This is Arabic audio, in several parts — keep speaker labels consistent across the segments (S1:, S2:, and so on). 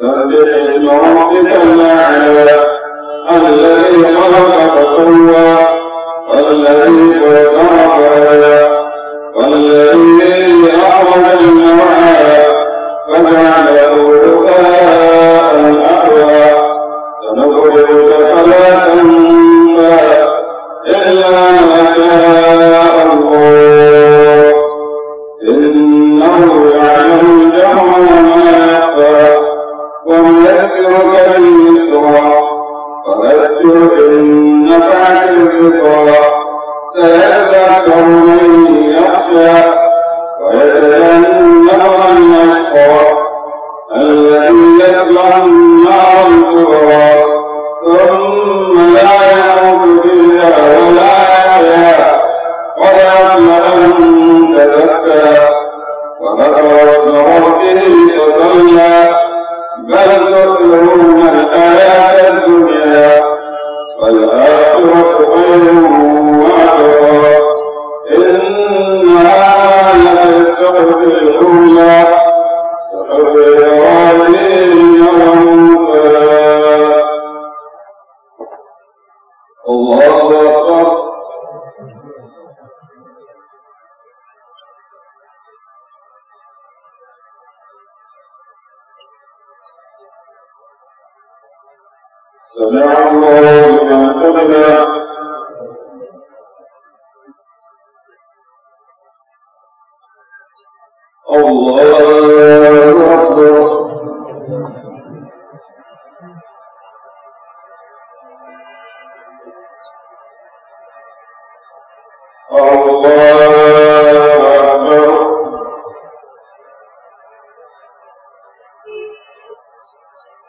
S1: سبح اسم ربك الأعلى الذي خلق فسوى والذي قدر فهدى والذي أخرج المرعى فجعله غثاء أحوى سنقرئك فلا تنسى إلا ما شاء الله وكلا الله أكبر
S2: سمع الله لمن حمده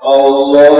S2: الله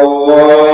S2: الله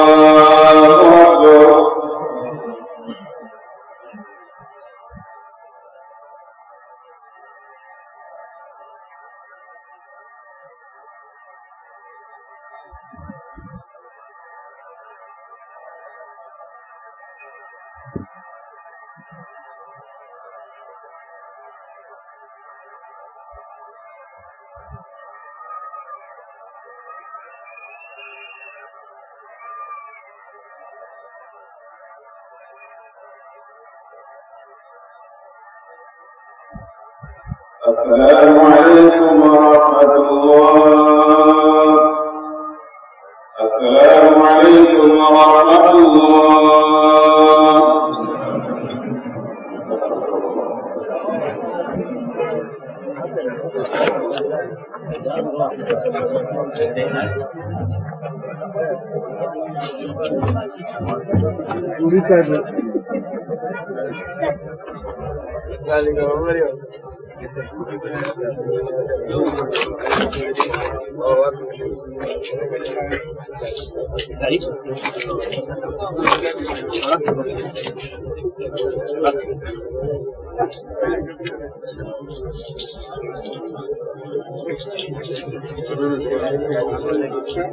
S2: السلام عليكم
S1: ورحمة الله السلام عليكم
S2: ورحمة الله Dale, Ahí. Ahora.